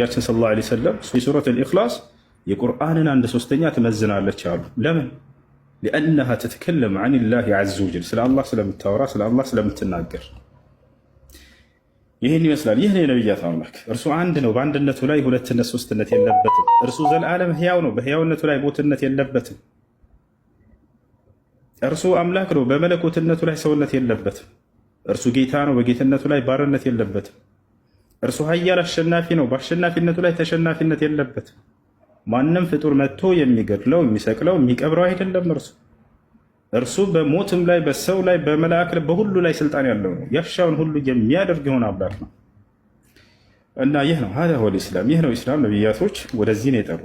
ያችን ሰለላሁ ዐለይሂ ወሰለም የሱረት ልእክላስ የቁርአንን አንድ ሶስተኛ ትመዝናለች አሉ። ለምን? ሊአነሃ ተትከለም አን ላህ ዐዘ ወጀል ስለ አላህ ስለምታወራ ስለ አላህ ስለምትናገር። ይህን ይመስላል። ይህ ነው የነቢያት አምላክ። እርሱ አንድ ነው። በአንድነቱ ላይ ሁለትነት ሶስትነት የለበትም። እርሱ ዘልዓለም ህያው ነው። በህያውነቱ ላይ ቦትነት የለበትም። እርሱ አምላክ ነው። በመለኮትነቱ ላይ ሰውነት የለበትም። እርሱ ጌታ ነው። በጌትነቱ ላይ ባርነት የለበትም። እርሱ ሀያል አሸናፊ ነው። በአሸናፊነቱ ላይ ተሸናፊነት የለበትም። ማንም ፍጡር መጥቶ የሚገድለው የሚሰቅለው የሚቀብረው አይደለም። እርሱ እርሱ በሞትም ላይ በሰው ላይ በመላእክት በሁሉ ላይ ስልጣን ያለው ነው። ያሻውን ሁሉ የሚያደርግ የሆነ አምላክ ነው እና ይህ ነው ሀ ኢስላም። ይህ ነው ኢስላም። ነቢያቶች ወደዚህ ነው የጠሩ።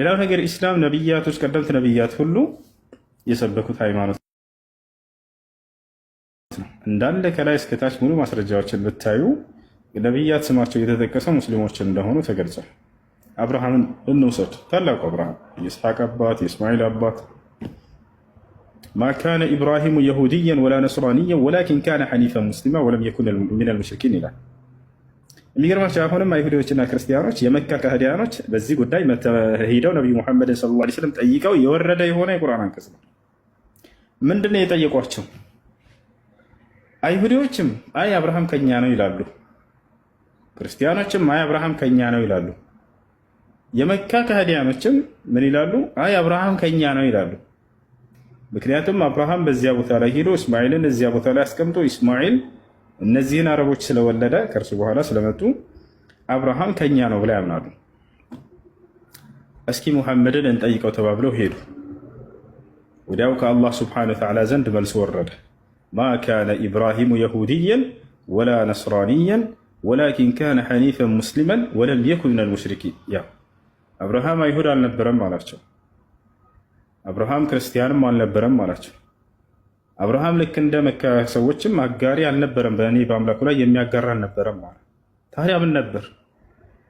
ሌላው ነገር ኢስላም ነቢያቶች፣ ቀደምት ነቢያት ሁሉ የሰበኩት ሃይማኖት ነው እንዳለ ከላይ እስከታች ሙሉ ማስረጃዎችን ብታዩ ነቢያት ስማቸው የተጠቀሰ ሙስሊሞችን እንደሆኑ ተገልጿል። አብርሃምን እንውሰድ። ታላቁ አብርሃም የኢስሐቅ አባት፣ የእስማኤል አባት ማ ካነ ኢብራሂሙ የሁድያን ወላ ነስራንያን ወላኪን ካነ ሐኒፈ ሙስሊማ ወለም የኩን ሚነል ሙሽሪኪን ይላል። የሚገርማቸው አሁንም አይሁዶችና ክርስቲያኖች የመካ ካህዲያኖች በዚህ ጉዳይ ሄደው ነቢዩ ሙሐመድን ሰለላሁ ዓለይሂ ወሰለም ጠይቀው የወረደ የሆነ የቁርአን አንቀጽ ነው። ምንድነው የጠየቋቸው? አይሁዲዎችም አይ አብርሃም ከኛ ነው ይላሉ ክርስቲያኖችም አይ አብርሃም ከኛ ነው ይላሉ። የመካ ከሃዲያኖችም ምን ይላሉ? አይ አብርሃም ከኛ ነው ይላሉ። ምክንያቱም አብርሃም በዚያ ቦታ ላይ ሄዶ እስማኤልን እዚያ ቦታ ላይ አስቀምጦ እስማኤል እነዚህን አረቦች ስለወለደ ከእርሱ በኋላ ስለመጡ አብርሃም ከኛ ነው ብላ ያምናሉ። እስኪ ሙሐመድን እንጠይቀው ተባብለው ሄዱ። ወዲያው ከአላህ ስብሓነሁ ወተዓላ ዘንድ መልስ ወረደ። ማ ካነ ኢብራሂሙ የሁድየን ወላ ነስራንየን ወላኪን ካነ ሐኒፈን ሙስሊመን ወለም የኩን ሚነል ሙሽሪኪን። ያው አብርሃም አይሁድ አልነበረም አላቸው። አብርሃም ክርስቲያንም አልነበረም አላቸው። አብርሃም ልክ እንደ መካ ሰዎችም አጋሪ አልነበረም፣ በእኔ በአምላኩ ላይ የሚያጋራ አልነበረም ማለት። ታዲያ ምን ነበር?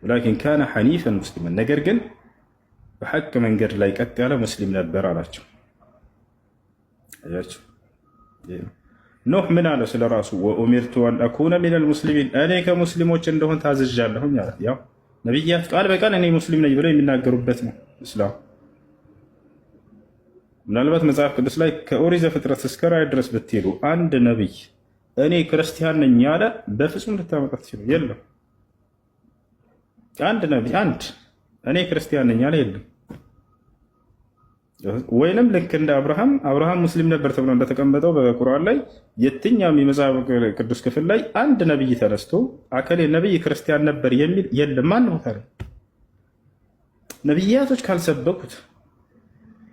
ወላኪን ካነ ሐኒፈን ሙስሊመን፣ ነገር ግን በሐቅ መንገድ ላይ ቀጥ ያለ ሙስሊም ነበር አላቸው። አያቸው ኖህ ምን አለ ስለ ራሱ? ወኡሚርቱ አን አኩነ ሚነል ሙስሊሚን እኔ ከሙስሊሞች እንደሆን ታዝዣለሁኝ አለ። ያው ነቢያት ቃል በቃል እኔ ሙስሊም ነኝ ብለው የሚናገሩበት ነው እስላም። ምናልባት መጽሐፍ ቅዱስ ላይ ከኦሪት ዘፍጥረት እስከ ራዕይ ድረስ ብትሄዱ አንድ ነቢይ እኔ ክርስቲያን ነኝ ያለ በፍጹም ልታመጣ ትችሉ የለም። አንድ ነቢይ አንድ እኔ ክርስቲያን ነኝ ያለ የለም። ወይንም ልክ እንደ አብርሃም አብርሃም ሙስሊም ነበር ተብሎ እንደተቀመጠው በቁርአን ላይ የትኛውም የመጽሐፍ ቅዱስ ክፍል ላይ አንድ ነብይ ተነስቶ አከሌ ነብይ ክርስቲያን ነበር የሚል የለም። ማን ቦታ ነው? ነብያቶች ካልሰበኩት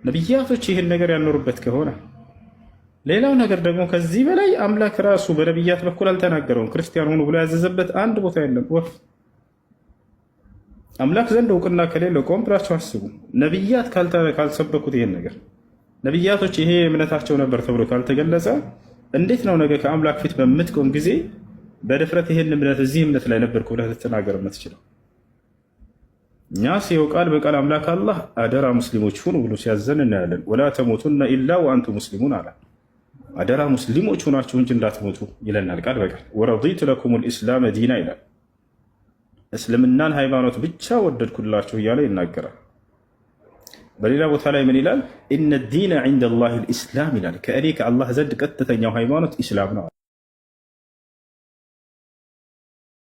ነብያቶች ይህን ነገር ያኖሩበት ከሆነ ሌላው ነገር ደግሞ ከዚህ በላይ አምላክ ራሱ በነብያት በኩል አልተናገረውም። ክርስቲያን ሆኑ ብሎ ያዘዘበት አንድ ቦታ የለም። ወፍ አምላክ ዘንድ እውቅና ከሌለው ቆም ብላችሁ አስቡ። ነቢያት ካልሰበኩት ይሄን ነገር ነቢያቶች ይሄ እምነታቸው ነበር ተብሎ ካልተገለጸ እንዴት ነው ነገ ከአምላክ ፊት በምትቆም ጊዜ በድፍረት ይሄን እምነት እዚህ እምነት ላይ ነበርኩ ብለህ ልትናገር የምትችለው? እኛስ ይኸው ቃል በቃል አምላክ አላህ አደራ ሙስሊሞች ሁኑ ብሎ ሲያዘን እናያለን። ወላ ተሞቱና ኢላ ወአንቱ ሙስሊሙን አላ አደራ ሙስሊሞች ሁናችሁ እንጂ እንዳትሞቱ ይለናል ቃል በቃል። ወረዲቱ ለኩም ልእስላም ዲና ይላል። እስልምናን ሃይማኖት ብቻ ወደድኩላችሁ እያለ ይናገራል። በሌላ ቦታ ላይ ምን ይላል? ኢነ ዲነ ዒንደላሂል ኢስላም ይላል። ከእኔ ከአላህ ዘንድ ቀጥተኛው ሃይማኖት ኢስላም ነው።